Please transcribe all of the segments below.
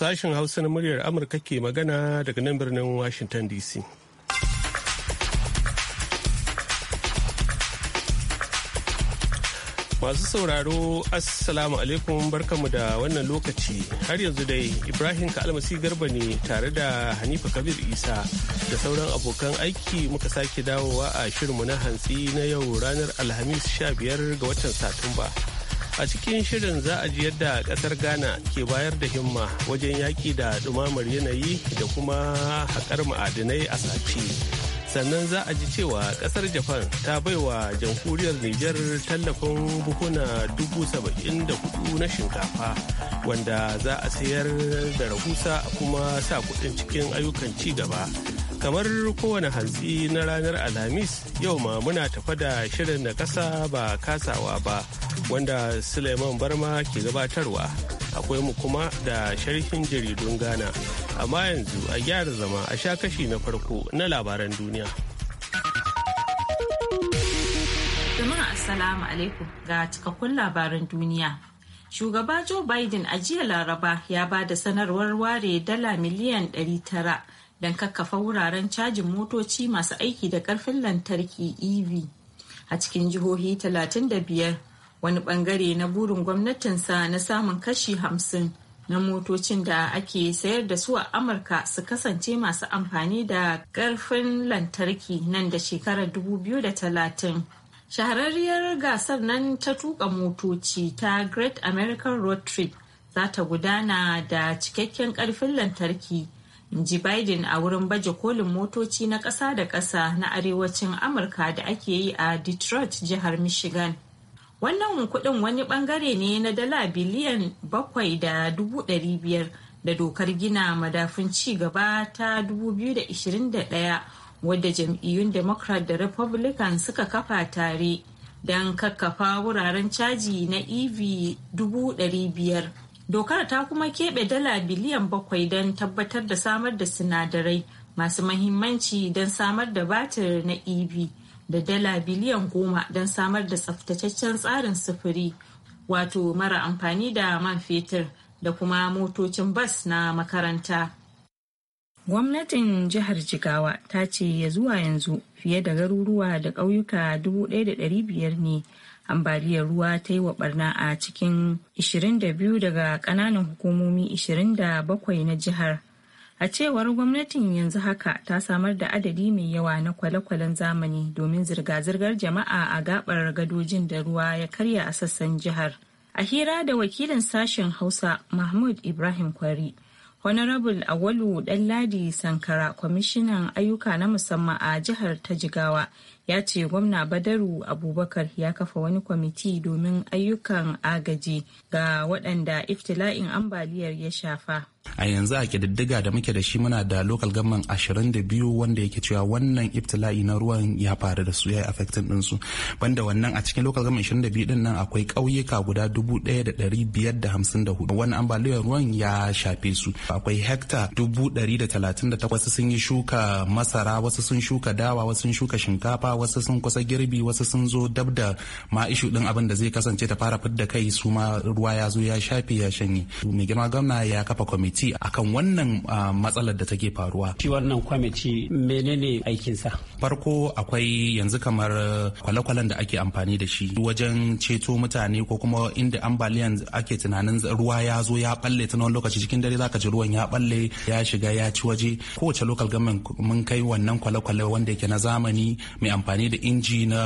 Sashen Hausa na muryar Amurka ke magana daga nan birnin Washington DC. Masu sauraro, Assalamu alaikum barkamu da wannan lokaci. Har yanzu dai Ibrahim Kalmasi Garba ne tare da Hanifa Kabir Isa da sauran abokan aiki muka sake dawowa a shirinmu na hantsi na yau ranar Alhamis 15 ga watan Satumba. a cikin shirin za a ji yadda kasar ghana ke bayar da himma wajen yaƙi da ɗumamar yanayi da kuma haƙar ma'adinai a sati sannan za a ji cewa kasar japan ta baiwa jamhuriyar niger tallafin buhuna dubu saba'in da hudu na shinkafa wanda za a sayar da rahusa a kuma sa kudin cikin ayyukan ci gaba kamar kowane hantsi na ranar alhamis yau ma muna tafa da shirin na kasa ba kasawa ba wanda Suleiman Barma ke gabatarwa. Akwai mu kuma da sharhin jaridun Ghana. Amma yanzu a gyara zama a sha kashi na farko na labaran duniya. Jama'a Assalamu alaikum ga cikakkun labaran duniya. Shugaba Joe Biden a jiya Laraba ya ba da sanarwar ware dala miliyan ɗari tara don kakkafa wuraren cajin motoci masu aiki da ƙarfin lantarki EV a cikin jihohi biyar. wani bangare na burin gwamnatinsa na samun kashi hamsin na motocin da ake sayar da su a amurka su kasance masu amfani da karfin lantarki nan da shekarar 2030 shahararriyar gasar nan ta tuka motoci ta great american road trip za ta gudana da cikakken karfin lantarki ji biden a wurin baje kolin motoci na ƙasa da ƙasa na arewacin amurka da ake yi a detroit jihar michigan wannan kuɗin wani bangare ne na dala biliyan bakwai da dubu dari biyar da dokar gina madafun ci gaba ta 2021 wadda jam'iyyun democrat da republican suka kafa tare don kakkafa wuraren caji na ev biyar dokar ta kuma keɓe dala biliyan bakwai don tabbatar da samar da sinadarai masu mahimmanci don samar da batir na ev da dala biliyan goma don samar da tsaftataccen tsarin sufuri wato mara amfani da man fetur da kuma motocin bas na makaranta. Gwamnatin jihar Jigawa ta ce ya zuwa yanzu fiye da garuruwa da ƙauyuka 1,500 ne ambaliyar ruwa ta yi wa barna a cikin 22 daga ƙananan hukumomi 27 na jihar A cewar gwamnatin yanzu haka ta samar da adadi mai yawa na kwale-kwalen zamani domin zirga-zirgar jama'a a gabar gadojin da ruwa ya karya a sassan jihar. A hira da wakilin sashen Hausa Mahmud Ibrahim Kwari. Honorable Awalu danladi Sankara, kwamishinan ayyuka na musamman a jihar ta Jigawa, ya ce gwamna badaru abubakar ya kafa wani kwamiti domin ayyukan agaji ga waɗanda iftila'in ambaliyar ya shafa a yanzu a kididdiga da muke da shi muna da local government 22 wanda yake cewa wannan iftila'i na ruwan ya faru da su ya yi affecting dinsu banda wannan a cikin local government 22 din nan akwai ƙauyuka guda 1554 wani ambaliyar ruwan ya shafe su akwai hekta 138 sun yi shuka masara wasu sun shuka dawa wasu sun shuka shinkafa wasu sun kusa girbi wasu sun zo dab da ma ishu din abin da zai kasance ta fara fidda kai su ma ruwa ya zo ya shafe ya shanye mai girma gwamna ya kafa kwamiti akan wannan ah, matsalar da take faruwa shi wannan kwamiti menene aikinsa farko akwai yanzu kamar kwale-kwalen da ake amfani da shi wajen ceto mutane ko kuma inda ambaliyan ake tunanin ruwa ya zo ya balle ta wani lokaci cikin dare zaka ji ruwan ya balle ya shiga ya ci waje kowace lokal government mun kai wannan kwale-kwale wanda yake na zamani mai amfani da inji na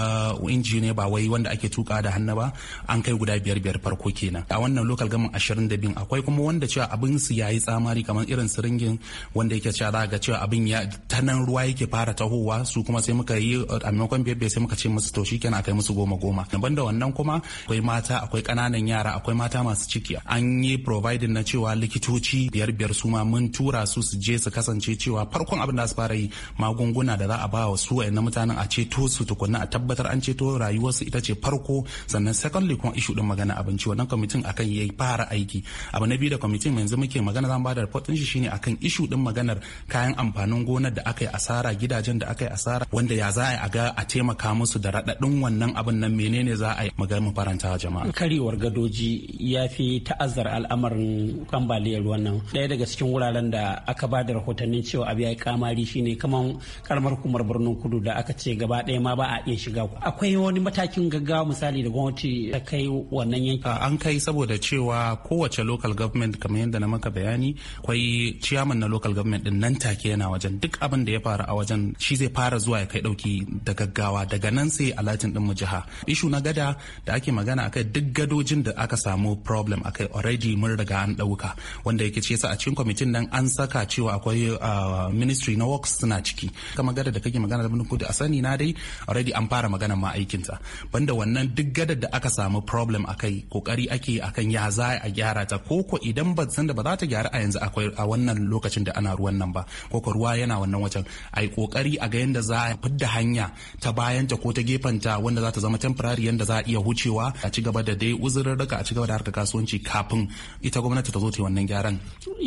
inji ne ba wai wanda ake tuka da hannu ba an kai guda biyar biyar farko kenan a wannan lokal government ashirin da biyu akwai kuma wanda cewa abin su yayi tsamari kamar irin siringin wanda yake cewa za ga cewa abin ya tanan nan ruwa yake fara tahowa su kuma sai muka yi a maimakon biyar biyar sai muka ce musu to shikenan akai musu goma goma daban da wannan kuma akwai mata akwai kananan yara akwai mata masu ciki an yi providing na cewa likitoci biyar biyar su ma mun tura su su je su kasance cewa farkon abin da su fara yi magunguna da za a ba wa su na mutanen a ce ceto su tukunna a tabbatar an ceto rayuwarsu ita ce farko sannan secondly kuma ishu din magana abinci wannan kwamitin akan yayi fara aiki abu na biyu da kwamitin yanzu muke magana zan bada report din shi shine akan ishu din maganar kayan amfanin gonar da aka yi asara gidajen da aka yi asara wanda ya za a ga a taimaka musu da raɗaɗin wannan abin nan menene za a yi magana mu faranta jama'a karewar gadoji ya fi ta'azzar al'amarin kambaliyar ruwan nan daya daga cikin wuraren da aka ba da rahotannin cewa abu ya yi kamari shine kamar karamar hukumar birnin kudu da aka ce gaba gaba ɗaya ma ba a iya shiga akwai wani matakin gaggawa misali da gwamnati ta kai wannan yankin an kai saboda cewa kowace local government kamar yadda na maka bayani akwai ciyaman na local government din nan take yana wajen duk abin da ya faru a wajen shi zai fara zuwa ya kai dauki da gaggawa daga nan sai alatin din mu jiha ishu na gada da ake magana akai duk gadojin da aka samu problem akai already mun riga an dauka wanda yake ce sa a cikin kwamitin nan an saka cewa akwai ah, ministry na works suna ciki kama gada da kake magana da mun kudi a sani na kai already an fara magana ma aikinta banda wannan duk gadar da aka samu problem akai kokari ake akan ya za a gyara ta koko idan ba san da ba za ta gyara a yanzu akwai a wannan lokacin da ana ruwan nan ba koko ruwa yana wannan wajen ai kokari a ga yanda za a fidda hanya ta bayan ta ko ta gefen ta wanda za ta zama temporary yanda za a iya hucewa a ci gaba da dai uzurrurruka a ci gaba da harkar kasuwanci kafin ita gwamnati ta zo ta wannan gyaran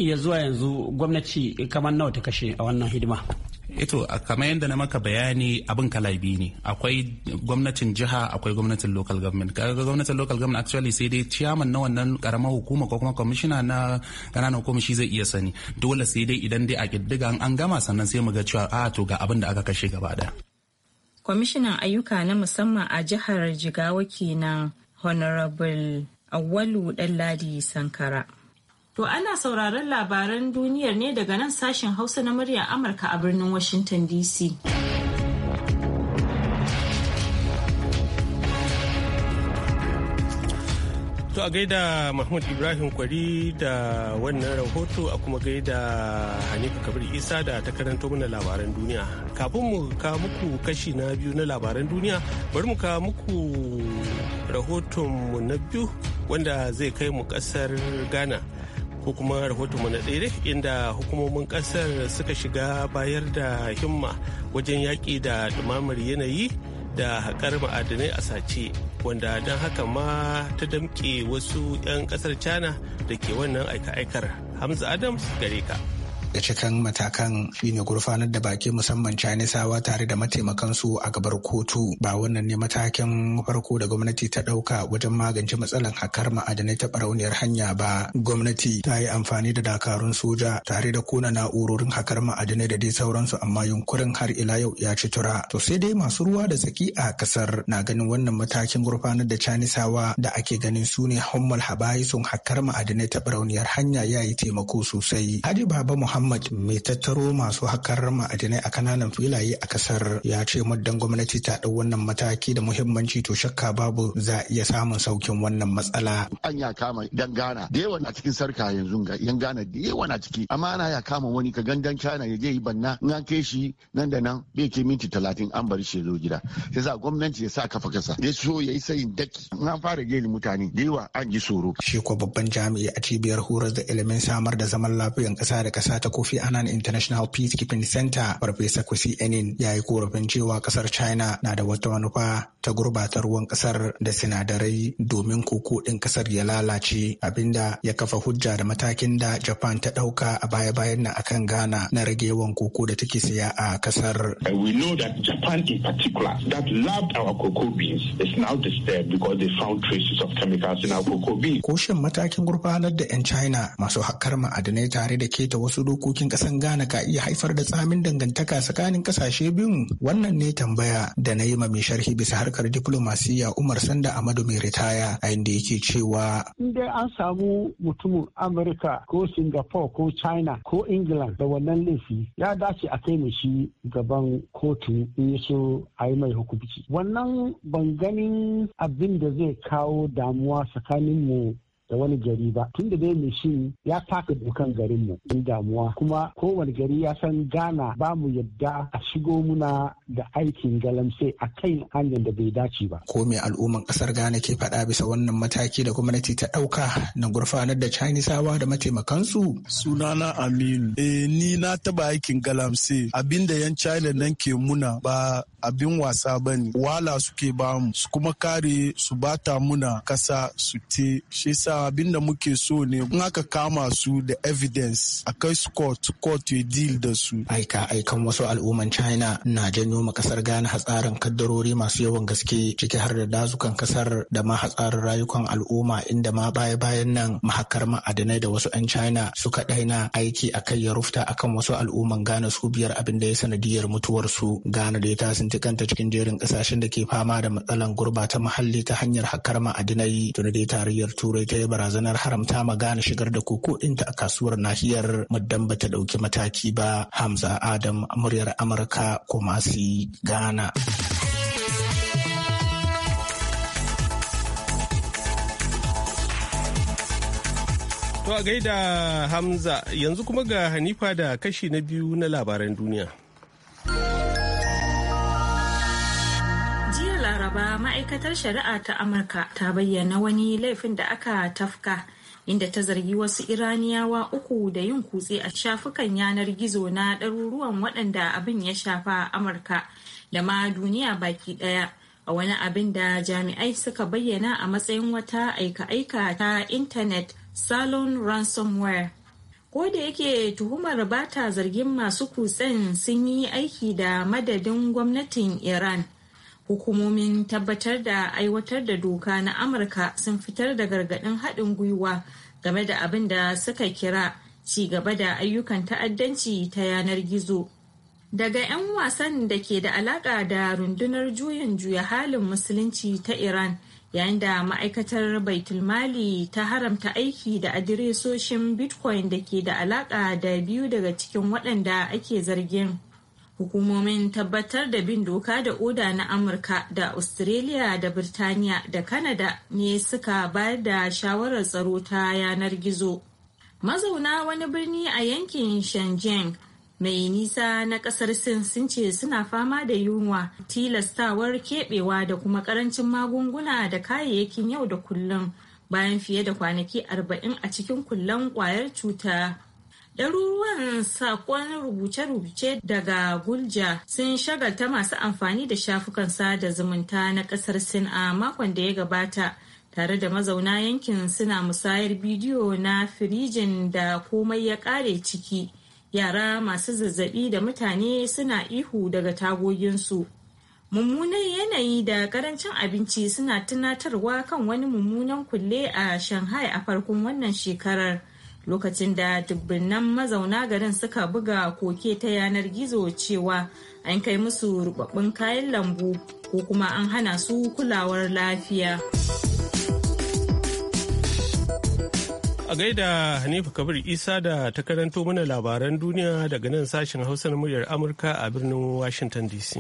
ya zuwa yanzu gwamnati kamar nawa ta kashe a wannan hidima ito eh kamar yadda na maka bayani abin kala kala biyu ne akwai gwamnatin jiha akwai gwamnatin local government kaga gwamnatin local government actually sai dai chairman na wannan karamar hukuma ko kuma commissioner na kananan hukuma shi zai iya sani dole sai dai idan dai a kiddiga an gama sannan sai mu ga cewa a ah, to ga abin da aka kashe gaba kwamishinan ayyuka na musamman a jihar jigawa kenan honorable awalu ɗanladi sankara To ana sauraron labaran duniyar ne daga nan sashen Hausa na murya Amurka a birnin Washington DC. To a gaida Mahmud Ibrahim Kwari da wannan rahoto a kuma gaida Hanifa Kabir Isa da ta karanto mana labaran duniya. Kafin mu ka muku kashi na biyu na labaran duniya, bari mu ka muku rahotonmu na biyu wanda zai kai mu kasar Ghana. ko kuma rahotonmu na tsere inda hukumomin kasar suka shiga bayar da himma wajen yaƙi da ɗumamar yanayi da haƙar ma'adanai a sace wanda don haka ma ta damƙe wasu 'yan ƙasar china da ke wannan aika-aikar hamza adams gare ka. daga cikin matakan shine gurfanar da baki musamman Chinesawa tare da mataimakansu a gabar kotu ba wannan ne matakin farko da gwamnati ta ɗauka wajen magance matsalar hakar ma'adanai ta barauniyar hanya ba gwamnati ta yi amfani da dakarun soja tare da kona na'urorin hakar ma'adanai da dai sauransu amma yunkurin har ila yau ya ci tura to sai dai masu ruwa da tsaki a kasar na ganin wannan matakin gurfanar da canisawa da ake ganin su ne hommal habayi sun hakar ma'adanai ta barauniyar hanya ya yi taimako sosai hadi baba muhammad Muhammad mai tattaro masu hakar ma'adinai a kananan filaye a kasar ya ce muddan gwamnati ta ɗau wannan mataki da muhimmanci to shakka babu za iya samun saukin wannan matsala. An ya kama dan Ghana da yawa na cikin sarka yanzu ga yan Ghana da yawa na ciki amma ana ya kama wani ka gandan China ya je yi banna in an kai shi nan da nan bai ke minti talatin an bari shi ya zo gida. Sai sa gwamnati ya sa kafa kasa ya so ya yi sayin daki in an fara gani mutane da yawa an ji tsoro. Shi babban jami'i a cibiyar horar da ilimin samar da zaman lafiyan ƙasa da kasa. ta Kofi Annan International Peacekeeping Center Farfesa Kwesi Enin ya yi korafin cewa kasar China na da wata manufa ta gurbata ruwan kasar da sinadarai domin koko ɗin kasar ya lalace abinda ya kafa hujja da matakin da Japan ta ɗauka a baya-bayan na akan Ghana na rage yawan koko da take siya a kasar. We know that Japan in particular that loved our cocoa beans is now disturbed because they found traces of chemicals in our cocoa beans. matakin gurbatar da 'yan China masu hakar ma'adanai tare da keta wasu dokokin ƙasan Ghana ka iya haifar da tsamin dangantaka tsakanin ƙasashe biyun? Wannan ne tambaya da na yi ma mai sharhi bisa harkar diplomasiya Umar Sanda Amadu mai ritaya a inda yake cewa. In dai an samu mutumin Amurka ko Singapore ko China ko England da wannan laifi ya dace a kai mai shi gaban kotu in yi so a yi mai hukunci. Wannan ban ganin abin da zai kawo damuwa tsakanin mu da wani gari ba tunda da dai mishin ya taka dokan garinmu in damuwa kuma kowane gari ya san gana ba mu yadda a shigo muna da aikin galamse a kan hanyar da bai dace ba. Ko me al'umman kasar Ghana ke faɗa bisa wannan mataki da gwamnati ta ɗauka na gurfanar da Chinesawa da mataimakansu? Sunana Aminu. Eh ni na taba aikin galamse abinda yan China nan ke muna ba abin wasa ba ne wala suke mu, su kuma kare su bata muna kasa su te shi sa abin da muke so ne in aka kama su da evidence a kai su court court ya deal da su aika aikan wasu al'umman china na janyo ma kasar gane hatsarin kaddarori masu yawan gaske ciki har da dazukan kasar da ma hatsarin rayukan al'umma inda ma baya bayan nan mahakar ma'adanai da wasu 'yan china suka daina aiki a kai ya rufta akan wasu al'umman Gana su biyar abin da ya sanadiyar mutuwarsu Gana da ya tasinta tsinci kanta cikin jerin kasashen da ke fama da matsalan gurbata muhalli ta hanyar hakar ma'adinai tun dai tarayyar turai ta yi barazanar haramta ma gane shigar da koko ɗinta a kasuwar nahiyar muddan ba ta ɗauki mataki ba hamza adam muryar amurka kumasi ghana. To a gaida Hamza yanzu kuma ga Hanifa da kashi na biyu na labaran duniya. ba ma'aikatar shari'a ta amurka ta bayyana wani laifin da aka tafka inda ta zargi wasu iraniyawa uku da yin kutse a shafukan yanar gizo na ɗaruruwan waɗanda abin ya shafa a amurka da ma duniya baki ɗaya a wani abin da jami'ai suka bayyana a matsayin wata aika-aika ta intanet salon ransomware ko da yake tuhumar bata zargin masu kutsen sun yi aiki da madadin gwamnatin iran Hukumomin tabbatar da aiwatar da doka na Amurka sun fitar da gargaɗin haɗin gwiwa game da abin da suka kira ci gaba da ayyukan ta'addanci ta yanar gizo. Daga 'yan wasan da ke da alaƙa da rundunar juyin juya halin musulunci ta Iran yayin da ma'aikatar baitulmali ta haramta aiki da adiresoshin bitcoin da ke da alaƙa da biyu daga cikin waɗanda ake zargin. hukumomin tabbatar da bin doka da oda na amurka da australia da birtaniya da canada ne suka bayar da shawarar tsaro ta yanar gizo mazauna wani birni a yankin shenzhen mai nisa na kasar sin sun ce suna fama da yunwa tilastawar kebewa da kuma karancin magunguna da kayayyakin yau da kullum bayan fiye da kwanaki 40 a cikin kullan kwayar cuta Ɗaruruwan saƙon rubuce-rubuce daga Gulja sun shagalta masu amfani da shafukan sada zumunta na ƙasar Sin a makon da ya gabata. tare da mazauna yankin suna musayar bidiyo na firijin da komai ya ƙare ciki yara masu zazzabi da mutane suna ihu daga tagoginsu mummunan yanayi da ƙarancin abinci suna tunatarwa kan wani mummunan kulle a shanghai a farkon wannan shekarar lokacin da dubbinan mazauna garin suka buga koke ta yanar gizo cewa an kai musu rubabbin kayan lambu ko kuma an hana su kulawar lafiya. A gaida Hanifu Kabir Isa da ta karanto mana labaran duniya daga nan sashen Hausa na muryar Amurka a birnin Washington DC.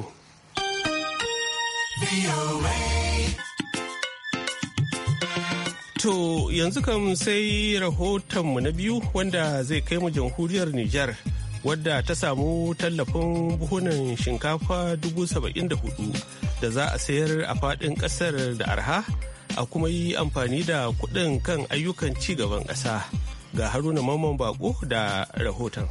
To yanzu kam sai rahotonmu na biyu wanda zai kai mu jamhuriyar Nijar wadda ta samu tallafin buhunan shinkafa dubu saba'in da hudu da za a sayar a fadin kasar da arha a kuma yi amfani da kuɗin kan ayyukan ci gaban ƙasa ga haruna mamman bako da rahoton.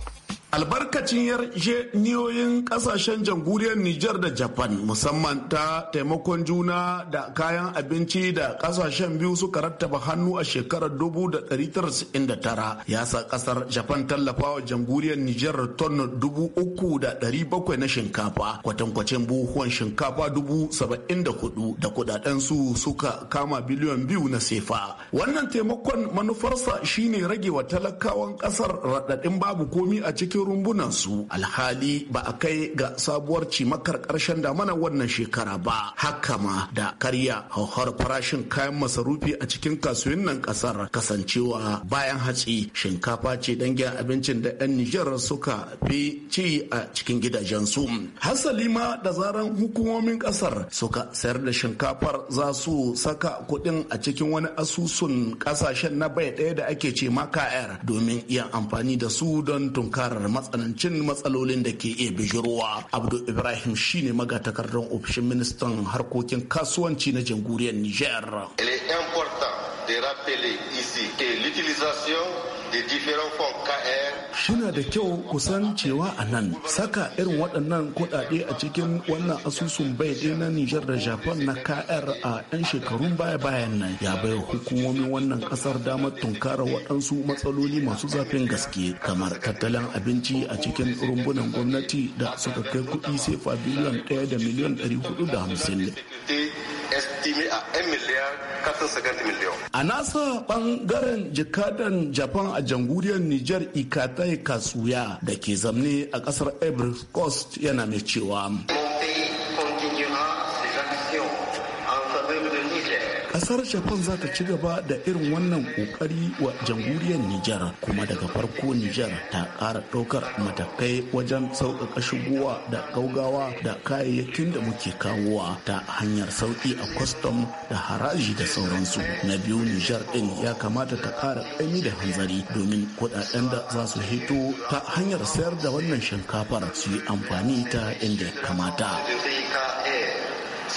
albarkacin yarjejeniyoyin kasashen jamhuriyar Nijar da Japan musamman ta taimakon juna da kayan abinci da kasashen biyu suka rattaba hannu a shekarar 1999 ya sa kasar Japan tallafa tallafawa jamhuriyar Nijar tonne 3,700 na shinkafa kwatankwacin buhuwan shinkafa 74,000 da kudaden su suka kama biliyon biyu na sefa. Wannan taimakon manufarsa shine rage wa talakawan kasar radadin babu komi a cikin rumbunansu alhali ba a kai ga sabuwar cimakar ƙarshen damana wannan shekara ba haka ma da karya hauhar farashin kayan masarufi a cikin kasuwannin ƙasar kasancewa bayan hatsi shinkafa ce gina abincin da 'yan Nijar suka fi ci a cikin gidajen su. Hasali ma da zaran hukumomin ƙasar suka sayar da shinkafar za su saka kuɗin a cikin wani asusun kasashen na bai ɗaya da ake ce maka'ar domin iya amfani da su don tunkarar matsanancin matsalolin da ke iya bijirowa abdul ibrahim shine magatakardar ofishin ministan harkokin kasuwanci na jamhuriyar niger de rappeler ici que l'utilisation des différents fonds KR suna da kyau kusan cewa a nan saka irin waɗannan kuɗaɗe a cikin wannan asusun bai ɗin na Nijar da Japan na KR a 'yan shekarun baya-bayan nan ya bai hukumomin wannan ƙasar damar tunkara waɗansu matsaloli masu zafin gaske kamar tattalin abinci a cikin rumbunan gwamnati da suka kai kuɗi fa biliyan ɗaya da miliyan ɗari hudu da hamsin. estimé à 1 milliard 450 millions. A nasa bangaren jakadan Japan a jamhuriyar Nijar Ikatai Kasuya da ke zamne a kasar Ivory Coast yana mai cewa. kasar japan za ta ci gaba da irin wannan kokari wa jamhuriyar nijar kuma daga farko nijar ta kara daukar matakai wajen sauƙaƙa shigowa da gaugawa da kayayyakin da muke kawowa ta hanyar sauƙi a kwastam da haraji da sauransu na biyu nijar din ya kamata ta kara ƙaimi da hanzari domin kuɗaɗen da za su hito ta hanyar sayar da wannan shinkafar su yi amfani ta inda ya kamata.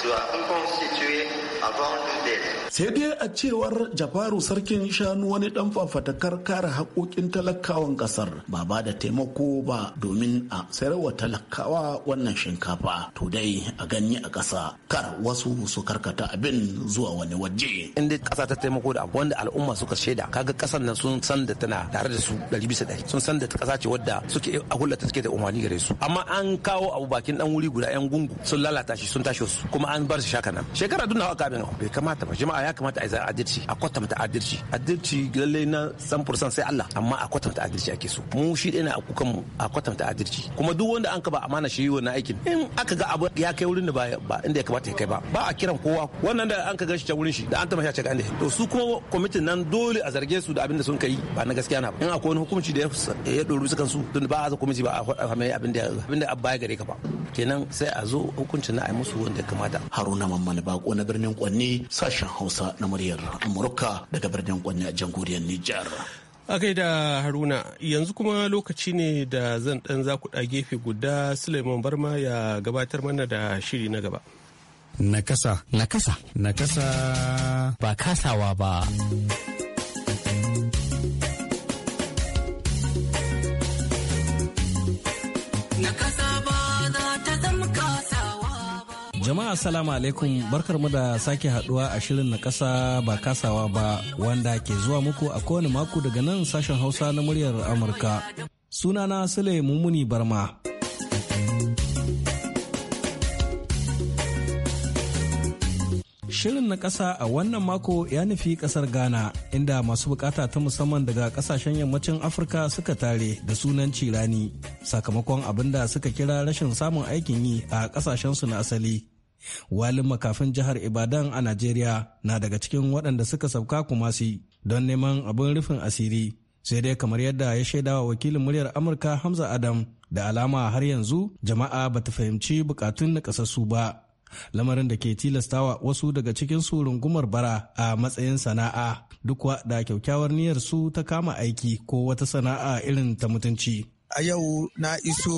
soit avant le délai. Sai dai a cewar Jafaru Sarkin Shanu wani dan fafatakar kare haƙoƙin talakawan ƙasar ba ba da taimako ba domin a sayarwa talakawa wannan shinkafa. To dai a gani a ƙasa kar wasu su karkata abin zuwa wani waje. In dai ƙasa ta taimako da wanda al'umma suka shaida kaga ƙasar nan sun san da tana tare da su ɗari bisa ɗari sun san da ƙasa ce wadda suke a hulata suke da umarni gare su amma an kawo abu bakin ɗan wuri guda 'yan gungu sun lalata shi sun tashi su kuma an bar shi shaka nan shekara duna haka abin bai kamata ba jama'a ya kamata a yi adalci a kwatanta adalci adalci lalle na san fursan sai Allah amma a kwatanta adalci ake so mu shi ɗaya a kukan mu a kwatanta adalci kuma duk wanda an ka ba amana shi yi wannan aikin in aka ga abu ya kai wurin da ba inda ya kamata ya kai ba ba a kiran kowa wannan da an ka gan shi ta wurin shi da an taba shi a inda to su kuma kwamitin nan dole a zarge su da abin da sun kai ba na gaskiya na ba in akwai wani hukunci da ya doru su kansu tun ba a za kwamiti ba a abin da abin da abba ya gare ka ba kenan sai a zo hukuncin na a yi musu wanda ya kamata hamada haruna mamman bako na birnin kwanni sashen hausa na muryar amurka daga birnin kwanni a jamhuriyar nijar a gaida haruna yanzu kuma lokaci ne da zan dan zaku da gefe guda suleiman barma ya gabatar mana da shiri na gaba nakasa nakasa nakasa ba kasawa ba Jama'a salamu alaikum barkarmu da sake haduwa a shirin na kasa ba kasawa ba wanda ke zuwa muku a kowane mako daga nan sashen Hausa na muryar Amurka. Sunana Sule Mumuni Barma. Shirin na ƙasa a wannan mako ya nufi ƙasar Ghana, inda masu bukata ta musamman daga ƙasashen yammacin Afirka suka tare da sunan cirani, sakamakon abin da suka kira rashin samun aikin yi a ƙasashensu na asali. walin makafin jihar ibadan a najeriya na daga cikin waɗanda suka sauka kumasi don neman abin rufin asiri sai dai kamar yadda ya shaidawa wakilin muryar amurka hamza adam da alama har yanzu jama'a ba ta fahimci bukatun nakasassu ba lamarin da ke tilastawa wasu daga cikin su rungumar bara a matsayin sana'a duk da kyaukyawar niyyar su ta kama aiki ko wata sana'a irin ta mutunci a yau na iso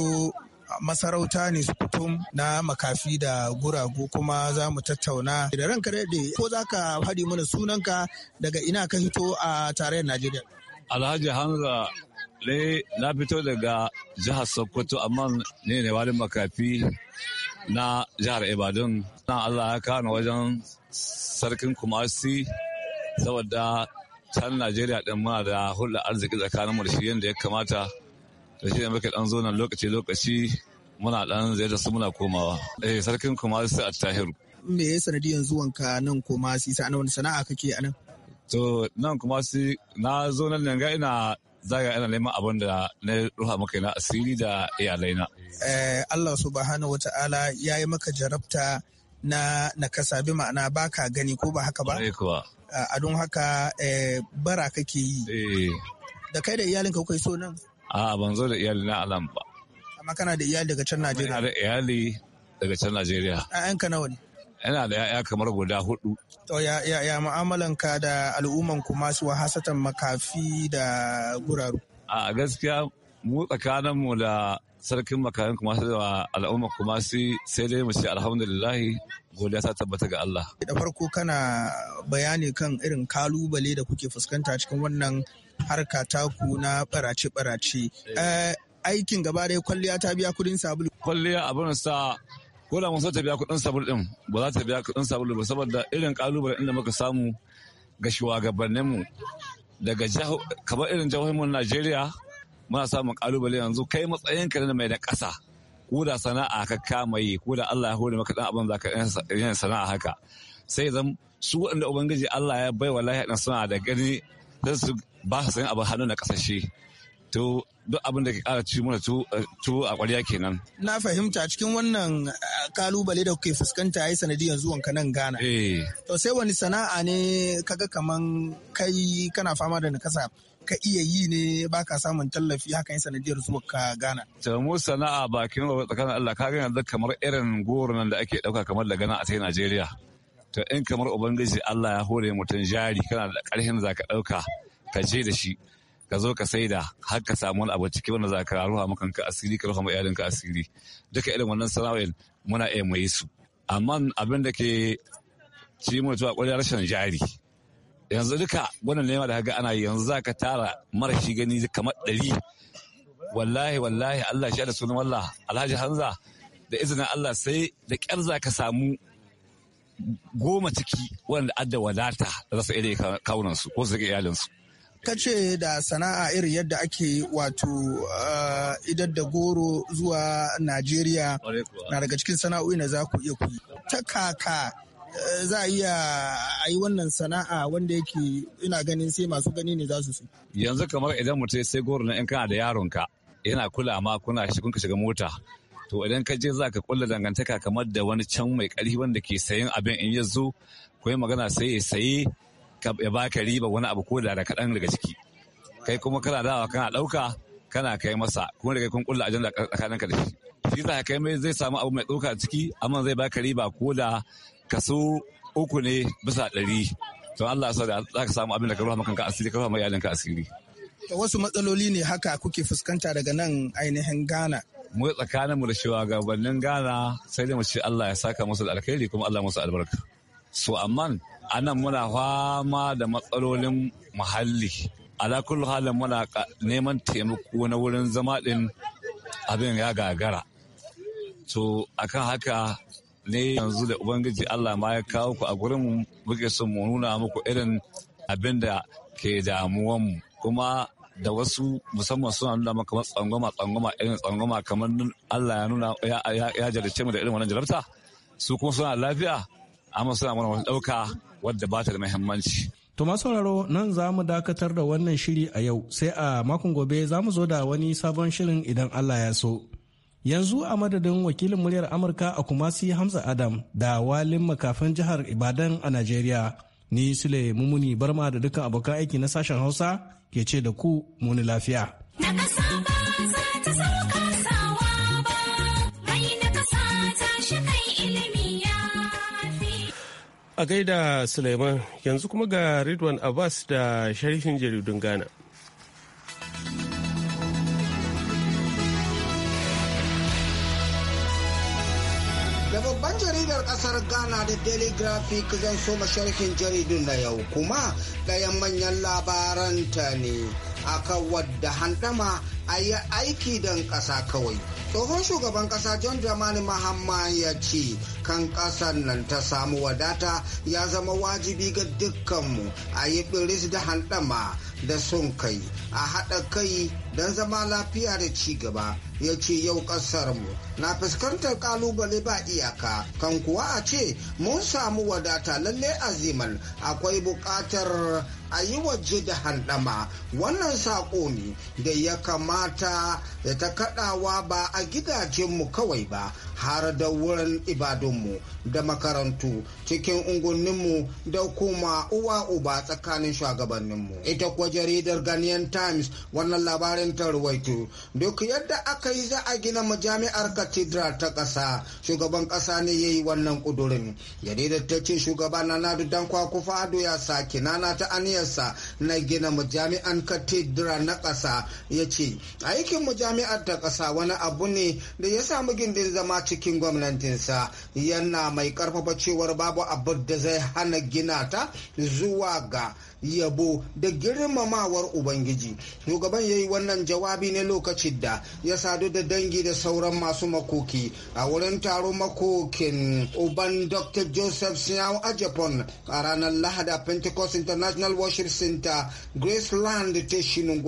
masarauta ne su kutum na makafi da guragu kuma za mu tattauna da ranka daɗe ko za ka haɗi mana sunanka daga ina ka fito a tarayyar Najeriya. Alhaji Hamza ne na fito daga jihar Sokoto amma ne ne wani makafi na jihar Ibadan. Na Allah ya kana wajen sarkin Kumasi saboda can Najeriya ɗin muna da hulɗa arziki tsakanin da shi yadda ya kamata. rashin amurka dan zo nan lokaci-lokaci muna dan zai su muna komawa eh sarkin kumasi a Tahir. me ya sanadiyan zuwanka nan kumasi sa'an wani sana'a kake a nan to nan kumasi na zo nan ga ina zaga ina neman abin da na ruha maka na asiri da iyalaina. Eh, Allah subhanahu wata'ala ya yi maka jarabta na nakasa bi ma'ana ba ka gani ko ba haka ba? kuwa. A don haka eh, bara kake yi. Eh. Da kai da iyalinka kuka so nan? A'a ban zo da iyali na alam ba. Amma kana da iyali daga can Najeriya? Ina da iyali daga can Najeriya. ‘Ya'yanka nawa ne? Ina da ‘ya'ya kamar guda hudu. To ya ya ya mu'amalanka da al'umman ku masu wahasatan makafi da guraru. A gaskiya mu tsakanin mu da sarkin makarin kuma su da al'umma kuma su sai dai mu ce alhamdulillahi godiya ta tabbata ga Allah. Da farko kana bayani kan irin kalubale da kuke fuskanta cikin wannan harka taku na barace-barace. Eh, aikin gaba dai kwalliya ta biya kudin sabulu. Kwalliya abin sa ko da mun so ta biya kudin sabulu din ba za ta biya kudin sabulu ba saboda irin kalubalen inda muka samu ga shugabanninmu daga kamar irin jihohin Najeriya muna samun kalubale yanzu kai matsayinka na mai da ƙasa ko da sana'a ka kama yi ko da Allah ya hore maka dan abin zaka yin sana'a haka sai zan su waɗanda ubangiji Allah ya baiwa lahiya dan sana'a da gani don su ba su sayan abin hannu na kasashe to duk abin da ke kara ci mana tu eh, a kwariya kenan. Na fahimta cikin wannan kalubale eh, da kuke fuskanta yi sanadiyar zuwan nan Ghana. Eh. To sai wani sana'a ne kaga kaman kai kana fama da nakasa ka iya yi ne baka samun tallafi hakan yi sanadiyar zuwanka ka Ghana. To mu sana'a bakin tsakanin Allah ka yanzu kamar irin goro nan da ake dauka kamar da gana a sai Najeriya. to in kamar ubangiji Allah ya hore mutum jari kana da ƙarfin da ka ɗauka ka je da shi ka zo ka saida har ka samu wani abu ciki wanda za ka ruha maka ka asiri ka ruha iyalin ka asiri duka irin wannan sana'o'in muna iya mai su amma abin da ke ci mutuwa ƙwarya rashin jari yanzu duka wannan nema da kaga ana yanzu za ka tara mara shi gani kamar ɗari wallahi wallahi Allah shi da sunan Allah Alhaji Hanza da izinin Allah sai da ƙyar za ka samu goma ciki wanda adda wadata za su iya kawunansu ko su iya su ka ce da sana'a irin yadda ake wato uh, idar da goro zuwa najeriya na daga cikin sana'o'i na za ku iya kuyi ta kaka uh, za a iya a yi wannan sana'a wanda yake ina ganin sai masu gani ne za su su yanzu kamar idan mutum sai goro na in kana da yaronka yana kula ma kuna shi kun shiga mota to idan ka je za ka kulla dangantaka kamar da wani can mai ƙarfi wanda ke sayan abin in ya zo ko yi magana sai ya saye ya baka riba wani abu ko da kaɗan daga ciki kai kuma kana dawa kana ɗauka kana kai masa kuma daga kun kulla ajanda tsakaninka da shi shi za kai mai zai samu abu mai ɗauka a ciki amma zai baka riba ko da kaso uku ne bisa ɗari to Allah ya da za ka samu abin da ka ruwa makanka asiri ka ruwa mai ka asiri. wasu matsaloli ne haka kuke fuskanta daga nan ainihin Ghana mu tsakanin mu da banin Ghana sai da mace Allah ya saka musu da alkhairi kuma Allah musu albarka. So amma anan muna fama da matsalolin muhalli. Ala kullu halin muna neman taimako na wurin zama din abin ya gagara. To akan haka ne yanzu da Ubangiji Allah ma ya kawo ku a gurin muke son mu nuna muku irin abin da ke damuwanmu. Kuma da wasu musamman suna nuna maka kamar tsangwama tsangwama irin tsangwama kamar Allah ya nuna ya jarice mu da irin wannan jarabta su kuma suna lafiya amma suna mana wani ɗauka wadda ba ta da muhimmanci. To masu sauraro nan za mu dakatar da wannan shiri a yau sai a makon gobe za mu zo da wani sabon shirin idan Allah ya so. Yanzu a madadin wakilin muryar Amurka a Kumasi Hamza Adam da walin makafin jihar Ibadan a Najeriya. Ni Sule Mumuni Barma da dukkan abokan aiki na sashen Hausa ke ce da ku muni lafiya. A gaida Suleiman yanzu kuma ga Ridwan Abbas da sharifin jaridun Ghana. jaridar kasar ghana da daily graphic zan so sharhin jaridun na yau kuma ɗayan manyan labaranta ne akan wadda handama a yi aiki don ƙasa kawai tsohon shugaban ƙasa john dramani mahamma ya ce kan ƙasar nan ta samu wadata ya zama wajibi ga dukkanmu a yi biris da handama da son kai a haɗa kai don zama lafiya da ci gaba ya ce yau mu na fuskantar kalubale ba iyaka kan kuwa a ce mun samu wadata lalle aziman akwai buƙatar a yi waje da handama wannan saƙo ne da ya kamata da ta kaɗawa ba a gidajenmu kawai ba har da wurin ibadunmu da makarantu cikin unguwanninmu da kuma uwa uba tsakanin shugabanninmu. Ita kuwa jaridar ganiyan Times wannan labarin ta ruwaito duk yadda aka yi za a gina majami'ar cathedral ta ƙasa shugaban ƙasa ne ya yi wannan ƙudurin. Jaridar ta ce nadu Nanadu kwaku fado ya sake nana ta aniyarsa na gina majami'an cathedral na ƙasa ya ce aikin majami'ar jami'ar ta ƙasa wani abu ne da ya samu gindin zama cikin gwamnatinsa yana mai ƙarfafa cewar babu abu da zai hana gina ta zuwa ga yabo da girmamawar ubangiji shugaban ya yi wannan jawabi ne lokacin da ya sadu da dangi da sauran masu makoki a wurin taron makokin uban dr joseph siyaw a japan a ranar lahada pentecost international worship center graceland ta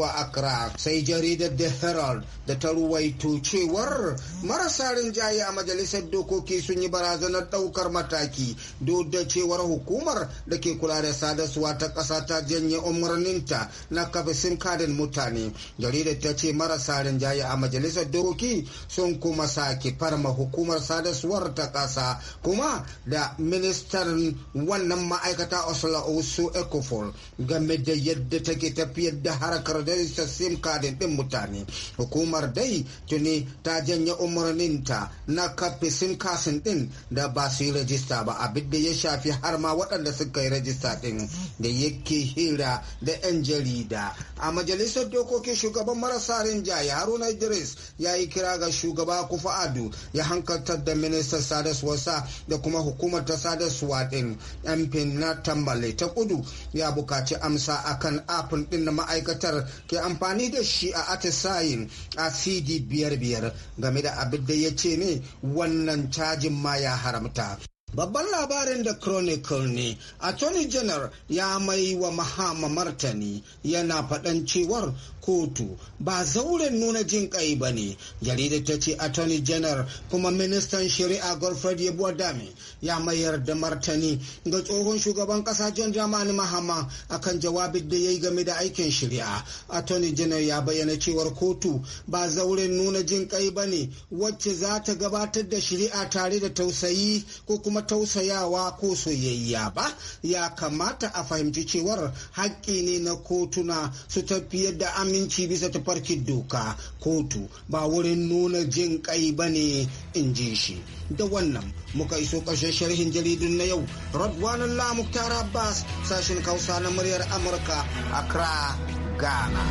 a accra sai jaridar the herald da ta ruwaito cewar marasa rinjaye a majalisar dokoki sun yi barazanar daukar mataki duk da cewar hukumar da ke kula da sadarwa ta ƙasa ta janye umarninta na kafa sim kadin mutane jaridar ta ce marasa rinjaye a majalisar doki sun kuma sake farma hukumar sadarwar ta kasa kuma da ministan wannan ma'aikata osla osu ecofol game da yadda take tafiyar da harkar rajistar sim kadin ɗin mutane hukumar dai tuni ta janye umarninta na kafa sim kasin ɗin da ba su yi rajista ba abin da ya shafi har ma waɗanda suka yi rajista ɗin da yake ke hira da 'yan jarida a majalisar dokokin shugaban marasa rinjaye haruna idris ya yi kira ga shugaba kufa ado ya hankaltar da ministan wasa da kuma hukumar ta sadaswa din yan na tambale ta kudu ya bukaci amsa akan apin din da ma'aikatar ke amfani da shi a atisayin a cd biyar biyar game da abin da ya ce ne wannan cajin ma ya haramta Babban labarin da Chronicle ne, Attorney General ya mai wa Mahama martani yana faɗan cewar kotu ba zauren nuna jin kai ba ne jaridar ta ce attorney general kuma ministan shari'a godfred yabo dame ya mayar da martani ga tsohon shugaban kasa john dramani mahama akan jawabin da ya yi game da aikin shari'a attorney general ya bayyana cewar kotu ba zauren nuna jin kai ba ne wacce za ta gabatar da shari'a tare da tausayi ko kuma tausayawa ko soyayya ba ya kamata a fahimci cewar haƙƙi ne na kotuna su tafiyar da am aminci bisa tafarkin doka kotu ba wurin nuna jin kai ba ne in ji shi da wannan muka iso ƙarshen sharhin jaridun na yau radwanan lamuktar abbas sashen kausa na muryar amurka accra ghana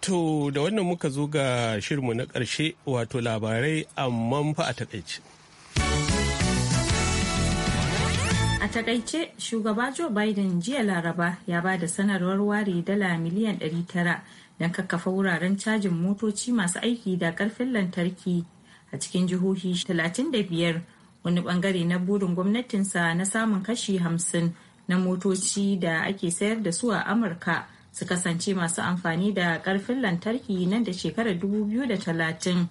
To da wannan muka zo ga shirmu na ƙarshe wato labarai amma fa a taƙaice. takaice shugaba joe biden jiya laraba ya ba da sanarwar ware dala miliyan 900 don kakkafa wuraren cajin motoci masu aiki da karfin lantarki a cikin jihohi 35 wani bangare na burin gwamnatinsa na samun kashi 50 na motoci da ake sayar da su a amurka su kasance masu amfani da karfin lantarki nan da shekarar 2030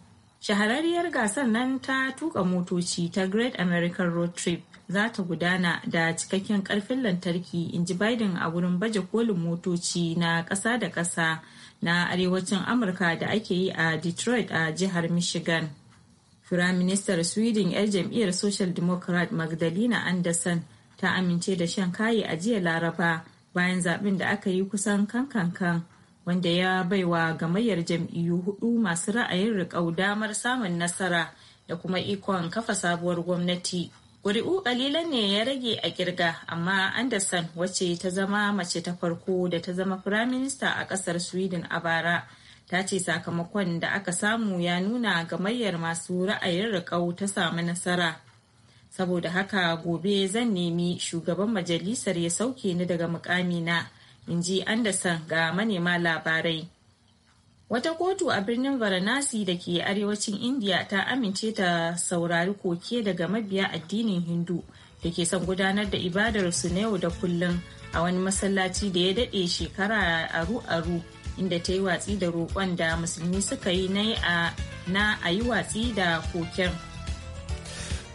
shahararriyar gasar nan ta tuka motoci ta great american road trip za ta gudana da cikakken karfin lantarki in ji biden a wurin baje kolin motoci na ƙasa da ƙasa na arewacin amurka da ake yi a detroit a jihar michigan firaministar sweden 'yar jam'iyyar social democrat magdalena anderson ta amince da shan kayi a jiya laraba bayan zaben da aka yi kusan kankan-kan. wanda ya baiwa gamayyar jam'iyyu hudu masu ra'ayin riƙau damar samun nasara da kuma ikon kafa sabuwar gwamnati. Ƙuri'u ƙalilan ne ya rage a kirga amma Anderson wacce ta zama mace ta farko da ta zama firaminista a ƙasar Sweden a bara ta ce sakamakon da aka samu ya nuna gamayyar masu ra'ayin riƙau ta samu nasara. Saboda haka gobe zan nemi shugaban majalisar ya sauke ni daga mukamina in ji Anderson ga manema labarai. Wata kotu a birnin Varanasi da ke arewacin India ta amince ta saurari koke daga mabiya addinin Hindu da ke son gudanar da ibadarsu na yau da kullum a wani masallaci da ya daɗe shekara aru-aru inda ta yi watsi da roƙon da musulmi suka yi na a yi watsi da koken.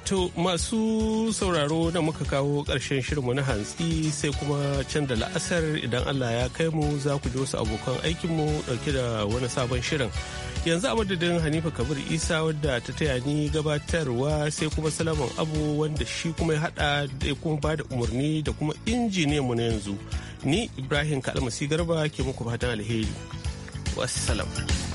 To masu sauraro da muka kawo ƙarshen shirinmu na hantsi sai kuma can da la'asar idan Allah ya kai mu za ku ji wasu abokan aikinmu ɗauke da wani sabon shirin. Yanzu a madadin Hanifa Kabir Isa wadda ta taya ni gabatarwa sai kuma Salaman Abu wanda shi kuma ya haɗa da kuma bada da umarni da kuma mu na yanzu. Ni Ibrahim Kalmasi Garba ke muku fatan alheri. wasalam.